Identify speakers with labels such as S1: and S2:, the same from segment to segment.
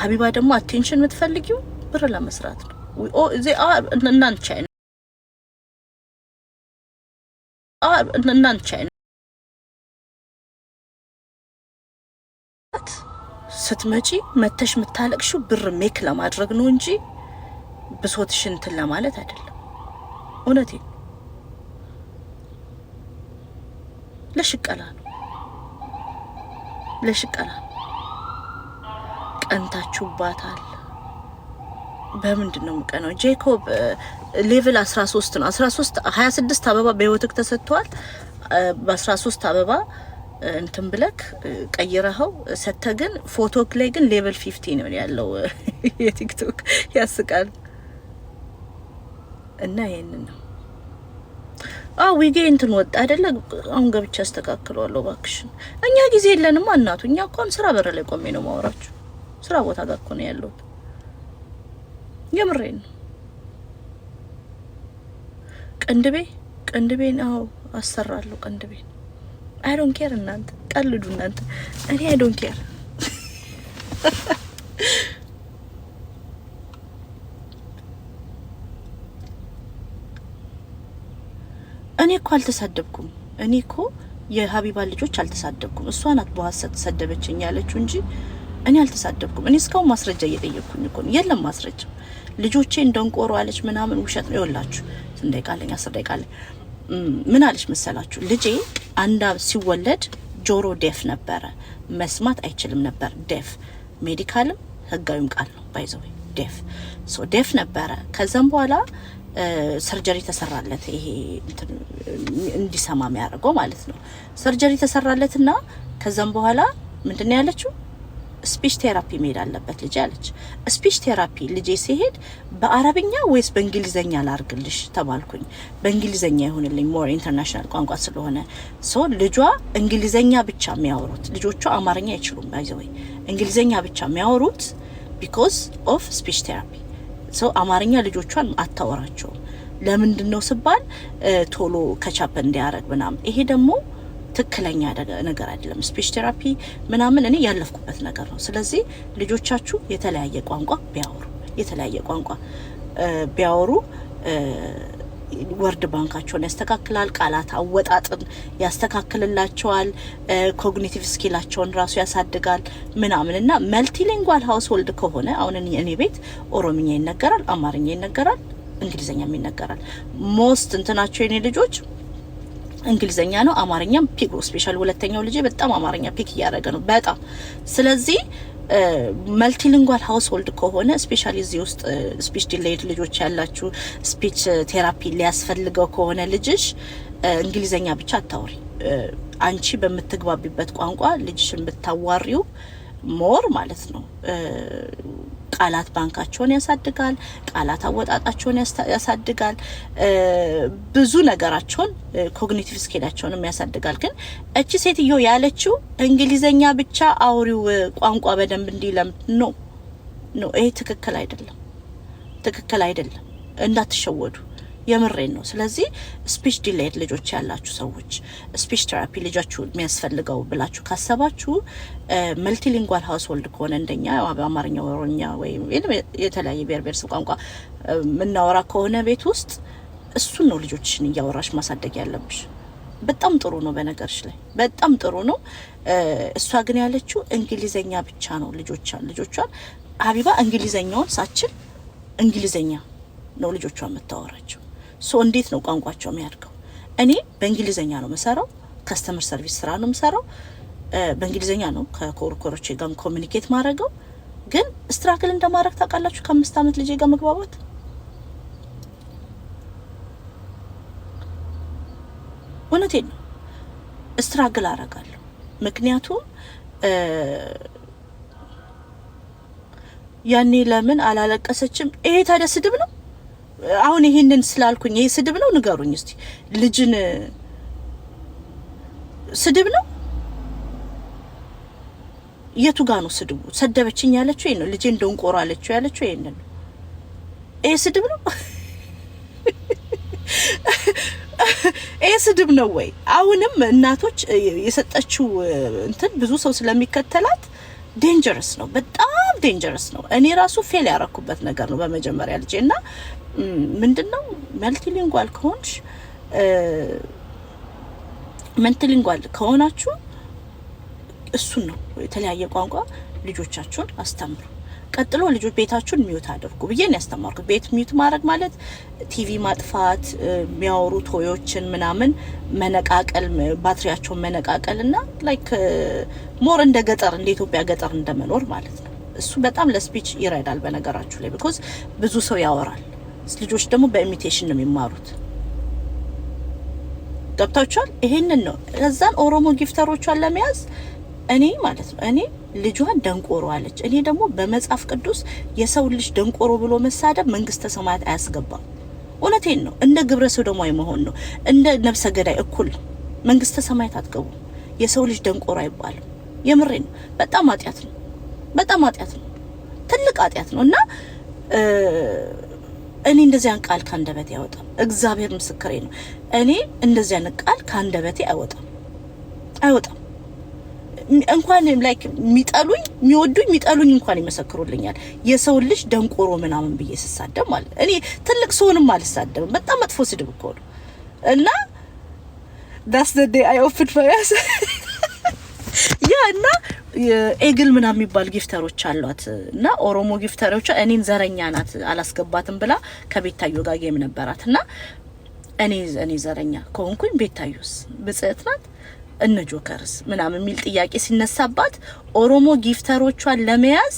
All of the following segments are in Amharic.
S1: ሀቢባ ደግሞ አቴንሽን የምትፈልጊው ብር ለመስራት ነው። እናንቻ ስትመጪ መተሽ የምታለቅሹ ብር ሜክ ለማድረግ ነው እንጂ ብሶትሽ እንትን ለማለት አይደለም። እውነቴ ለሽቀላ ነው ለሽቀላ ቀንታችሁባታል። በምንድን ነው የምቀነው? ጄኮብ ሌቭል 13 ነው። 13 26 አበባ በህይወትክ ተሰጥቷል። በ13 አበባ እንትን ብለክ ቀይረኸው ሰተ ግን ፎቶክ ላይ ግን ሌቭል 50 ነው ያለው የቲክቶክ ያስቃል። እና ይሄንን ነው አ ዊጌ እንትን ወጣ አይደለ? አሁን ገብቼ አስተካክለዋለሁ። እባክሽን እኛ ጊዜ የለንማ እናቱ። እኛ እኮ አሁን ስራ በር ላይ ቆሜ ነው ማወራችሁ። ስራ ቦታ ጋር እኮ ነው ያለሁት። የምሬን ነው። ቅንድቤ ቅንድቤን አዎ አሰራለሁ። ቅንድቤን አይ ዶንት ኬር። እናንተ ቀልዱ እናንተ፣ እኔ አይ ዶንት ኬር። እኔ እኮ አልተሳደብኩም። እኔ እኮ የሀቢባ ልጆች አልተሳደብኩም። እሷ ናት በዋሳ ያለችው እንጂ እኔ አልተሳደብኩም። እኔ እስካሁን ማስረጃ እየጠየቅኩኝ እኮ ነው። የለም ማስረጃ። ልጆቼ እንደንቆሮ አለች ምናምን ውሸት ነው ይወላችሁ። ስንት ደቂቃ አለኝ? አስር ደቂቃ አለኝ። ምን አለች መሰላችሁ? ልጄ አንዳ ሲወለድ ጆሮ ዴፍ ነበረ፣ መስማት አይችልም ነበር። ደፍ ሜዲካልም ህጋዊም ቃል ነው። ባይዘዌ ደፍ ሶ ነበረ። ከዛም በኋላ ሰርጀሪ ተሰራለት። ይሄ እንዲሰማ የሚያደርገው ማለት ነው። ሰርጀሪ ተሰራለትና ከዛም በኋላ ምንድን ነው ያለችው ስፒች ቴራፒ መሄድ አለበት ልጅ አለች። ስፒች ቴራፒ ልጄ ሲሄድ በአረብኛ ወይስ በእንግሊዘኛ ላርግልሽ ተባልኩኝ። በእንግሊዘኛ ይሁንልኝ ሞር ኢንተርናሽናል ቋንቋ ስለሆነ ሰው ልጇ እንግሊዘኛ ብቻ የሚያወሩት ልጆቿ አማርኛ አይችሉም። ባይዘወይ እንግሊዝኛ ብቻ የሚያወሩት ቢኮዝ ኦፍ ስፒች ቴራፒ ሰው አማርኛ ልጆቿን አታወራቸውም። ለምንድን ነው ስባል ቶሎ ከቻፕ እንዲያደረግ ምናምን ይሄ ደግሞ ትክክለኛ ነገር አይደለም። ስፒች ቴራፒ ምናምን እኔ ያለፍኩበት ነገር ነው። ስለዚህ ልጆቻችሁ የተለያየ ቋንቋ ቢያወሩ የተለያየ ቋንቋ ቢያወሩ ወርድ ባንካቸውን ያስተካክላል። ቃላት አወጣጥን ያስተካክልላቸዋል። ኮግኒቲቭ ስኪላቸውን ራሱ ያሳድጋል ምናምን እና መልቲሊንጓል ሀውስሆልድ ከሆነ አሁን እኔ ቤት ኦሮምኛ ይነገራል፣ አማርኛ ይነገራል፣ እንግሊዝኛም ይነገራል። ሞስት እንትናቸው የኔ ልጆች እንግሊዘኛ ነው፣ አማርኛም ፒክ ነው። ስፔሻል ሁለተኛው ልጄ በጣም አማርኛ ፒክ እያደረገ ነው በጣም ስለዚህ መልቲሊንጓል ሀውስሆልድ ከሆነ ስፔሻሊ እዚህ ውስጥ ስፒች ዲሌይድ ልጆች ያላችሁ ስፒች ቴራፒ ሊያስፈልገው ከሆነ ልጅሽ እንግሊዘኛ ብቻ አታውሪ። አንቺ በምትግባቢበት ቋንቋ ልጅሽን ብታዋሪው ሞር ማለት ነው ቃላት ባንካቸውን ያሳድጋል። ቃላት አወጣጣቸውን ያሳድጋል። ብዙ ነገራቸውን ኮግኒቲቭ ስኪላቸውንም ያሳድጋል። ግን እቺ ሴትዮ ያለችው እንግሊዘኛ ብቻ አውሪው ቋንቋ በደንብ እንዲለምድ ኖ ኖ፣ ይሄ ትክክል አይደለም፣ ትክክል አይደለም። እንዳትሸወዱ። የምሬን ነው። ስለዚህ ስፒች ዲሌይድ ልጆች ያላችሁ ሰዎች ስፒች ቴራፒ ልጃችሁ የሚያስፈልገው ብላችሁ ካሰባችሁ መልቲሊንጓል ሀውስሆልድ ከሆነ እንደኛ በአማርኛ፣ ኦሮኛ ወይም የተለያየ ብሔር ብሔረሰብ ቋንቋ የምናወራ ከሆነ ቤት ውስጥ እሱን ነው ልጆችን እያወራሽ ማሳደግ ያለብሽ። በጣም ጥሩ ነው፣ በነገርሽ ላይ በጣም ጥሩ ነው። እሷ ግን ያለችው እንግሊዘኛ ብቻ ነው ልጆቿን ልጆቿን ሀቢባ እንግሊዘኛውን ሳችል እንግሊዘኛ ነው ልጆቿ የምታወራቸው። ሶ እንዴት ነው ቋንቋቸው የሚያድገው? እኔ በእንግሊዝኛ ነው የምሰራው፣ ከስተመር ሰርቪስ ስራ ነው የምሰራው። በእንግሊዝኛ ነው ከኮርኮሮቼ ጋር ኮሚኒኬት ማድረገው። ግን ስትራግል እንደማድረግ ታውቃላችሁ። ከአምስት ዓመት ልጄ ጋር መግባባት እውነቴን ነው ስትራግል አረጋለሁ። ምክንያቱም ያኔ ለምን አላለቀሰችም? ይሄ ታዲያ ስድብ ነው። አሁን ይሄንን ስላልኩኝ ይሄ ስድብ ነው ንገሩኝ እስቲ። ልጅን ስድብ ነው? የቱ ጋ ነው ስድቡ? ሰደበችኝ ያለችው ይሄን ነው። ልጄ እንደንቆሮ አለችው ያለችው ይሄን ነው። ይሄ ስድብ ነው? ይሄ ስድብ ነው ወይ? አሁንም እናቶች የሰጠችው እንትን ብዙ ሰው ስለሚከተላት ዴንጀረስ ነው፣ በጣም ዴንጀረስ ነው። እኔ ራሱ ፌል ያረኩበት ነገር ነው በመጀመሪያ ልጄ እና ምንድን ነው መልቲሊንጓል ከሆንሽ መልቲሊንጓል ከሆናችሁ እሱን ነው የተለያየ ቋንቋ ልጆቻችሁን አስተምሩ። ቀጥሎ ልጆች ቤታችሁን ሚዩት አድርጉ ብዬን ያስተማርኩት። ቤት ሚዩት ማድረግ ማለት ቲቪ ማጥፋት፣ የሚያወሩ ቶዮችን ምናምን መነቃቀል፣ ባትሪያቸውን መነቃቀል እና ላይክ ሞር እንደ ገጠር እንደ ኢትዮጵያ ገጠር እንደመኖር ማለት ነው። እሱ በጣም ለስፒች ይረዳል። በነገራችሁ ላይ ቢኮዝ ብዙ ሰው ያወራል ልጆች ደግሞ በኢሚቴሽን ነው የሚማሩት። ገብታችኋል? ይሄንን ነው እዛን ኦሮሞ ጊፍተሮቿን ለመያዝ እኔ ማለት ነው እኔ ልጇን ደንቆሮ አለች። እኔ ደግሞ በመጽሐፍ ቅዱስ የሰው ልጅ ደንቆሮ ብሎ መሳደብ መንግስተ ሰማያት አያስገባም። እውነቴን ነው። እንደ ግብረ ሰዶማዊ መሆን ነው። እንደ ነብሰ ገዳይ እኩል መንግስተ ሰማያት አትገቡ። የሰው ልጅ ደንቆሮ አይባልም። የምሬ ነው። በጣም ኃጢአት ነው። በጣም ኃጢአት ነው። ትልቅ ኃጢአት ነው እና እኔ እንደዚያን ቃል ከአንደበቴ አይወጣም። እግዚአብሔር ምስክሬ ነው። እኔ እንደዚያን ቃል ከአንደበቴ አይወጣም አይወጣም። እንኳን ላይክ የሚጠሉኝ የሚወዱኝ የሚጠሉኝ እንኳን ይመሰክሩልኛል። የሰው ልጅ ደንቆሮ ምናምን ብዬ ስሳደብ ማለት እኔ ትልቅ ሰውንም አልሳደብም። በጣም መጥፎ ስድብ እኮ ነው እና ዳስ ዘ ዴይ አይ ኦፕን ያ እና ኤግል ምናም የሚባል ጊፍተሮች አሏት እና ኦሮሞ ጊፍተሮቿ እኔን ዘረኛ ናት አላስገባትም ብላ ከቤታዮ ጋር ጌም ነበራት እና እኔ እኔ ዘረኛ ከሆንኩኝ ቤታዮስ ብጽዕት ናት እነ ጆከርስ ምናምን የሚል ጥያቄ ሲነሳባት ኦሮሞ ጊፍተሮቿን ለመያዝ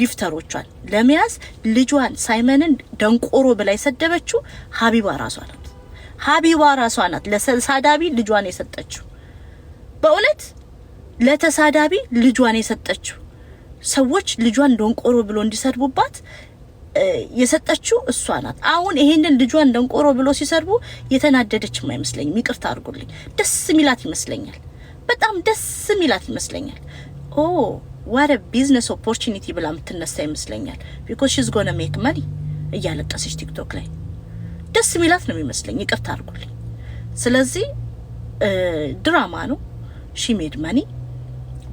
S1: ጊፍተሮቿን ለመያዝ ልጇን ሳይመንን ደንቆሮ ብላ የሰደበችው ሀቢባ ራሷ ናት። ሀቢባ ራሷ ናት ለሳዳቢ ልጇን የሰጠችው በእውነት ለተሳዳቢ ልጇን የሰጠችው ሰዎች ልጇን ደንቆሮ ብሎ እንዲሰድቡባት የሰጠችው እሷ ናት። አሁን ይሄንን ልጇን ደንቆሮ ብሎ ሲሰድቡ የተናደደችም አይመስለኝም። ይቅርታ አድርጉልኝ። ደስ ሚላት ይመስለኛል። በጣም ደስ ሚላት ይመስለኛል። ኦ ዋት ቢዝነስ ኦፖርቹኒቲ ብላ የምትነሳ ይመስለኛል። ቢኮዝ ሺዝ ጎነ ሜክ መኒ እያለቀሰች ቲክቶክ ላይ ደስ ሚላት ነው የሚመስለኝ። ይቅርታ አድርጉልኝ። ስለዚህ ድራማ ነው ሺ ሜድ መኒ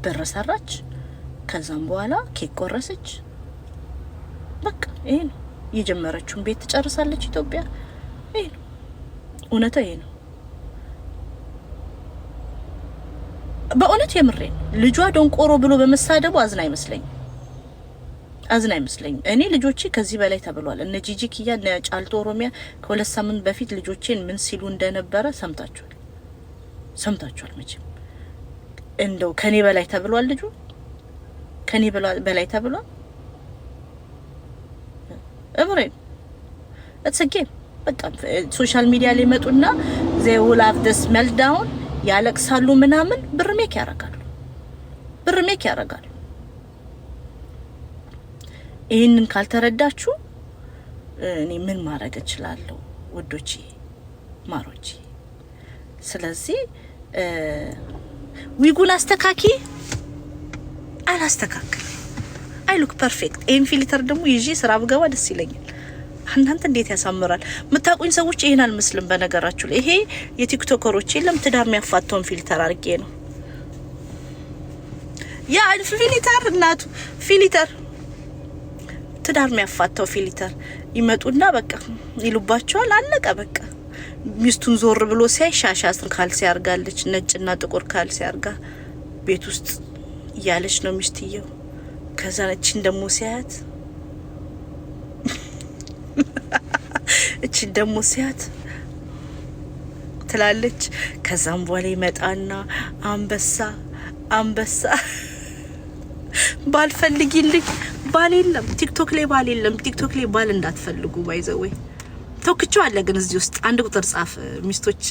S1: ብር ሰራች። ከዛም በኋላ ኬክ ቆረሰች። በቃ ይሄ ነው የጀመረችውን ቤት ትጨርሳለች ኢትዮጵያ። ይሄ ነው እውነታ፣ ይሄ ነው በእውነት የምሬ ልጇ ደንቆሮ ብሎ በመሳደቡ አዝና አይመስለኝም፣ አዝና አይመስለኝም። እኔ ልጆቼ ከዚህ በላይ ተብሏል። እነ ጂጂ ኪያ፣ እነ ጫልቶ ኦሮሚያ ከሁለት ሳምንት በፊት ልጆቼን ምን ሲሉ እንደነበረ ሰምታችኋል፣ ሰምታችኋል መቼም እንደው ከኔ በላይ ተብሏል። ልጁ ከኔ በላይ ተብሏል። እብሬ እትስጌ በቃ ሶሻል ሚዲያ ላይ መጡና ዜውል አፍ ደስ መልዳውን ያለቅሳሉ ምናምን ብርሜክ ያደርጋሉ ብርሜክ ያረጋሉ። ይህንን ካልተረዳችሁ እኔ ምን ማድረግ እችላለሁ ውዶቼ ማሮቼ? ስለዚህ ዊጉን አስተካኪ አላስተካክል አይ ሉክ ፐርፌክት። ይህን ፊልተር ደግሞ ይዤ ስራ ብገባ ደስ ይለኛል። እናንተ እንዴት ያሳምራል! የምታውቁኝ ሰዎች ይህን አልመስልም። በነገራችሁ ላይ ይሄ የቲክቶከሮች የለም ትዳር የሚያፋተውን ፊልተር አድርጌ ነው ያ ፊልተር እናቱ ፊልተር ትዳር የሚያፋታው ፊልተር ይመጡና በቃ ይሉባቸዋል። አለቀ በቃ። ሚስቱን ዞር ብሎ ሲያይ ሻሽ ካልሲ ያርጋለች፣ ነጭና ጥቁር ካልሲ ያርጋ ቤት ውስጥ እያለች ነው ሚስትየው። ከዛ እችን ደግሞ ሲያያት እችን ደግሞ ሲያት ትላለች። ከዛም በኋላ ይመጣና አንበሳ አንበሳ ባል ፈልጊልኝ፣ ባል የለም ቲክቶክ ላይ ባል የለም ቲክቶክ ላይ ባል እንዳትፈልጉ ባይዘወይ ተወክቸው አለ። ግን እዚህ ውስጥ አንድ ቁጥር ጻፍ። ሚስቶች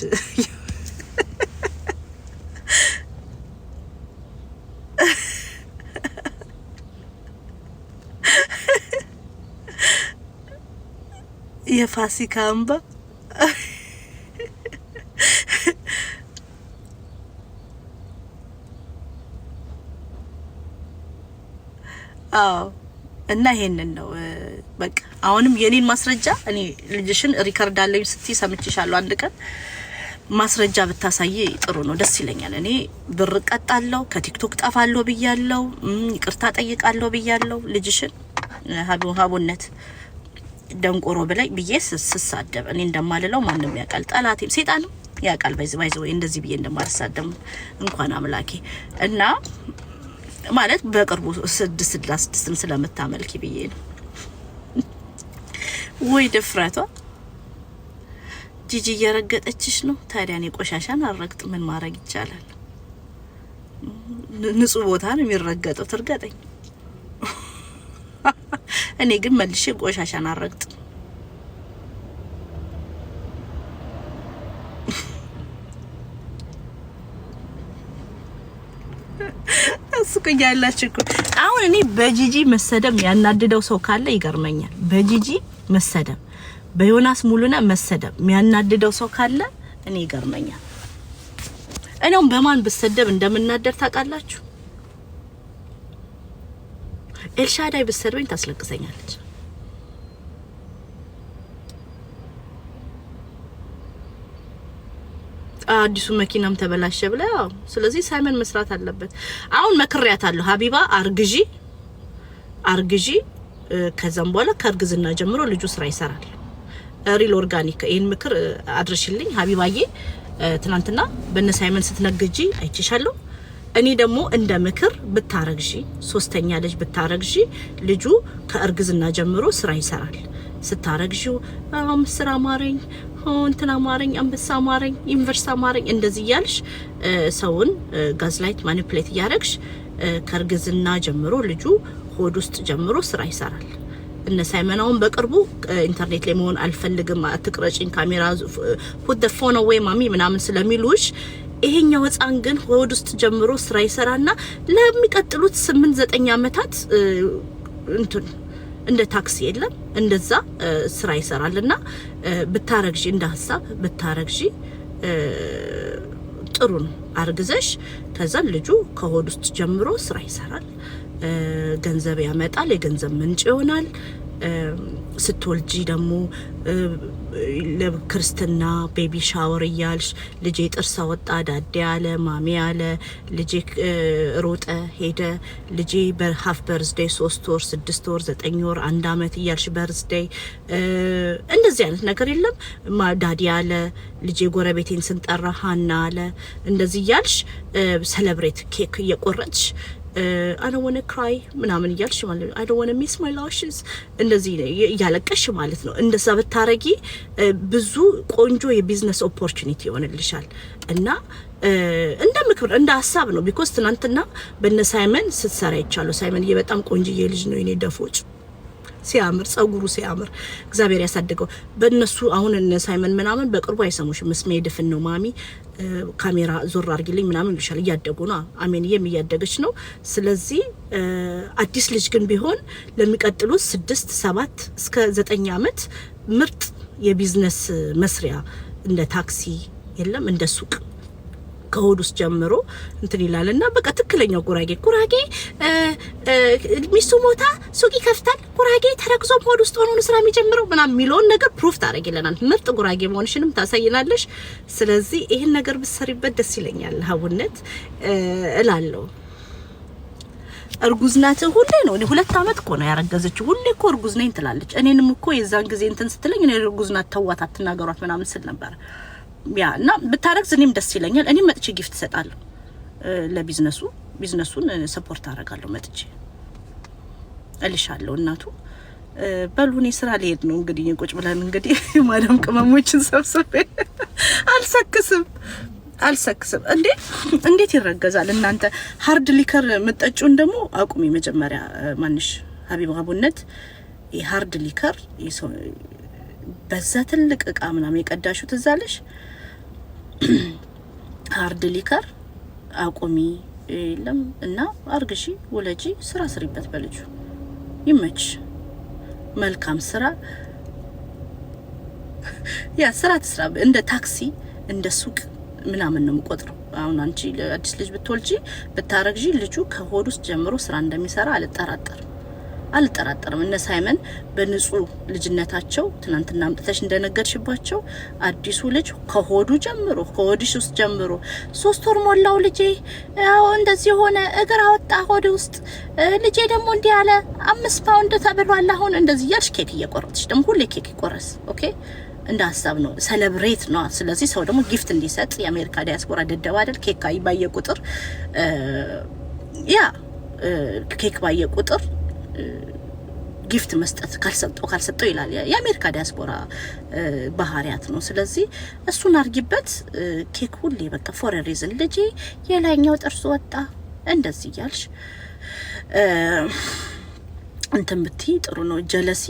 S1: የፋሲካ አዎ እና ይሄንን ነው በቃ አሁንም የኔን ማስረጃ እኔ ልጅሽን ሪከርድ አለኝ ስትይ ሰምቼሻለሁ። አንድ ቀን ማስረጃ ብታሳይ ጥሩ ነው፣ ደስ ይለኛል። እኔ ብር ቀጣለሁ፣ ከቲክቶክ ጠፋለሁ ብያለሁ፣ ይቅርታ ጠይቃለሁ ብያለሁ። ልጅሽን ሀቡነት ደንቆሮ ብላይ ብዬ ስሳደብ እኔ እንደማልለው ማንም ያውቃል፣ ጠላቴም ሴጣንም ያውቃል። ባይዝ ባይዝ ወይ እንደዚህ ብዬ እንደማልሳደብ እንኳን አምላኬ እና ማለት በቅርቡ ስድስት ስድስትን ስለምታመልኪ ብዬ ነው ወይ ድፍረቷ! ጂጂ እየረገጠችሽ ነው። ታዲያ የቆሻሻን ቆሻሻን አረግጥ ምን ማድረግ ይቻላል? ንጹህ ቦታ ነው የሚረገጠው። ትርገጠኝ። እኔ ግን መልሼ ቆሻሻን አረግጥ ያላችሁ እኮ አሁን እኔ በጂጂ መሰደብ ያናደደው ሰው ካለ ይገርመኛል። በጂጂ መሰደብ፣ በዮናስ ሙሉና መሰደብ የሚያናድደው ሰው ካለ እኔ ይገርመኛል። እኔውም በማን ብሰደብ እንደምናደር ታውቃላችሁ? ኤልሻዳይ ብሰድበኝ ታስለቅሰኛለች። አዲሱ መኪናም ተበላሸ ብለ። ስለዚህ ሳይመን መስራት አለበት። አሁን አለ ሀቢባ አርግዢ አርግዢ፣ ከዛም በኋላ ከእርግዝና ጀምሮ ልጁ ስራ ይሰራል። ሪል ኦርጋኒክ። ይህን ምክር አድርሽልኝ ሀቢባዬ። ትናንትና በነ ሳይመን ስትነግጂ አይችሻለሁ። እኔ ደግሞ እንደ ምክር ብታረግዢ፣ ሶስተኛ ልጅ ብታረግዢ፣ ልጁ ከእርግዝና ጀምሮ ስራ ይሰራል። ስታረግዢው ስራ ማረኝ እንትን አማረኝ፣ አንበሳ አማረኝ፣ ዩኒቨርስቲ አማረኝ እንደዚህ እያልሽ ሰውን ጋዝላይት ማኒፕሌት እያደረግሽ ከእርግዝና ጀምሮ ልጁ ሆድ ውስጥ ጀምሮ ስራ ይሰራል። እነ ሳይመናውን በቅርቡ ኢንተርኔት ላይ መሆን አልፈልግም፣ አትቅረጭኝ፣ ካሜራ ፑት ፎን ወይ ማሚ ምናምን ስለሚሉሽ ይሄኛው ህፃን ግን ሆድ ውስጥ ጀምሮ ስራ ይሰራና ለሚቀጥሉት ስምንት ዘጠኝ አመታት እንትን እንደ ታክሲ የለም እንደዛ ስራ ይሰራልና እና ብታረግዢ እንደ ሀሳብ ብታረግዢ ጥሩ ነው። አርግዘሽ ከዛ ልጁ ከሆድ ውስጥ ጀምሮ ስራ ይሰራል፣ ገንዘብ ያመጣል፣ የገንዘብ ምንጭ ይሆናል። ስትወልጂ ደግሞ ለክርስትና ቤቢ ሻወር እያልሽ ልጄ ጥርስ አወጣ፣ ዳዴ አለ፣ ማሜ አለ፣ ልጄ ሮጠ ሄደ፣ ልጄ በሀፍ በርዝዴይ ሶስት ወር፣ ስድስት ወር፣ ዘጠኝ ወር፣ አንድ አመት እያልሽ በርዝዴይ እንደዚህ አይነት ነገር የለም። ዳዲ አለ፣ ልጄ ጎረቤቴን ስንጠራ ሀና አለ፣ እንደዚህ እያልሽ ሰለብሬት ኬክ እየቆረጥሽ አይ አለወነ ክራይ ምናምን እያልሽ ማለት ነው። አይ አለወነ ሚስ ማይ ላሽስ እንደዚህ እያለቀሽ ማለት ነው። እንደዛ ብታረጊ ብዙ ቆንጆ የቢዝነስ ኦፖርቹኒቲ ይሆንልሻል እና እንደ ምክር እንደ ሀሳብ ነው። ቢኮስ ትናንትና በነ ሳይመን ስትሰራ ይቻሉ ሳይመን በጣም ቆንጅዬ የልጅ ነው የኔ ደፎጭ ሲያምር ጸጉሩ ሲያምር እግዚአብሔር ያሳደገው በእነሱ አሁን እነ ሳይመን ምናምን በቅርቡ አይሰሙሽም። እስሜ ድፍን ነው ማሚ ካሜራ ዞር አድርጊልኝ ምናምን ይልሻል። እያደጉ ነው። አሜንዬም እያደገች ነው። ስለዚህ አዲስ ልጅ ግን ቢሆን ለሚቀጥሉት ስድስት ሰባት እስከ ዘጠኝ አመት ምርጥ የቢዝነስ መስሪያ እንደ ታክሲ የለም እንደ ሱቅ ከሆድ ውስጥ ጀምሮ እንትን ይላል እና በቃ ትክክለኛው ጉራጌ ጉራጌ ሚስቱ ሞታ ሱቅ ይከፍታል ጉራጌ ተረክዞ ሆድ ውስጥ ሆኖ ስራ የሚጀምረው ምናምን የሚለውን ነገር ፕሩፍ ታደርጊልናል። ምርጥ ጉራጌ መሆንሽንም ታሳይናለሽ። ስለዚህ ይህን ነገር ብትሰሪበት ደስ ይለኛል ሀውነት እላለሁ። እርጉዝ ናት። ሁሌ ነው ሁለት አመት እኮ ነው ያረገዘችው። ሁሌ እኮ እርጉዝ ነኝ ትላለች። እኔንም እኮ የዛን ጊዜ እንትን ስትለኝ እኔ እርጉዝ ናት ተዋት፣ አትናገሯት ምናምን ስል ነበር። ያ እና ብታረግዝ እኔም ደስ ይለኛል። እኔም መጥቼ ጊፍት እሰጣለሁ ለቢዝነሱ ቢዝነሱን ሰፖርት አደርጋለሁ። መጥቼ እልሻለሁ እናቱ በሉ እኔ ስራ ሊሄድ ነው እንግዲህ ቁጭ ብለን እንግዲህ ማዳም ቅመሞችን ሰብስቤ አልሰክስም አልሰክስም እንዴ እንዴት ይረገዛል? እናንተ ሀርድ ሊከር የምጠጪውን ደግሞ አቁሚ። መጀመሪያ ማንሽ ሀቢብ ሀቡነት ሀርድ ሊከር በዛ ትልቅ እቃ ምናምን የቀዳሹ ትዛለሽ ሀርድ ሊከር አቁሚ የለም እና አርግሺ፣ ውለጂ፣ ስራ ስሪበት፣ በልጁ ይመች። መልካም ስራ ያ ስራ ትስራ። እንደ ታክሲ እንደ ሱቅ ምናምን ነው የምቆጥረው። አሁን አንቺ አዲስ ልጅ ብትወልጂ ብታረግዢ ልጁ ከሆድ ውስጥ ጀምሮ ስራ እንደሚሰራ አልጠራጠርም። አልጠራጠርም። እነ ሳይመን በንጹህ ልጅነታቸው ትናንትና አምጥተሽ እንደነገርሽባቸው አዲሱ ልጅ ከሆዱ ጀምሮ ከሆድሽ ውስጥ ጀምሮ ሶስት ወር ሞላው ልጄ ያው እንደዚህ ሆነ፣ እግር አወጣ ሆድ ውስጥ ልጄ ደግሞ እንዲህ ያለ አምስት ፓውንድ ተብሏል። አሁን እንደዚህ እያልሽ ኬክ እየቆረጥሽ ደግሞ ሁሌ ኬክ ይቆረስ ኦኬ እንደ ሀሳብ ነው። ሰለብሬት ነው። ስለዚህ ሰው ደግሞ ጊፍት እንዲሰጥ የአሜሪካ ዲያስፖራ ደደብ አይደል? ኬክ ባየ ቁጥር ያ ኬክ ባየ ቁጥር ጊፍት መስጠት ካልሰጠው ካልሰጠው ይላል። የአሜሪካ ዲያስፖራ ባህሪያት ነው። ስለዚህ እሱን አርጊበት። ኬክ ሁሌ በቃ ፎረን ሪዝን ልጅ የላይኛው ጥርስ ወጣ እንደዚህ እያልሽ እንትን ብትይ ጥሩ ነው። ጀለሲ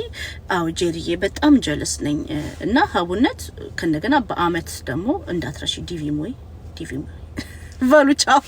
S1: አው ጄሪዬ በጣም ጀለስ ነኝ እና ሀቡነት ከነገና በአመት ደግሞ እንዳትረሺ ዲቪ ሞይ ዲቪ ሞይ በሉ ቻው።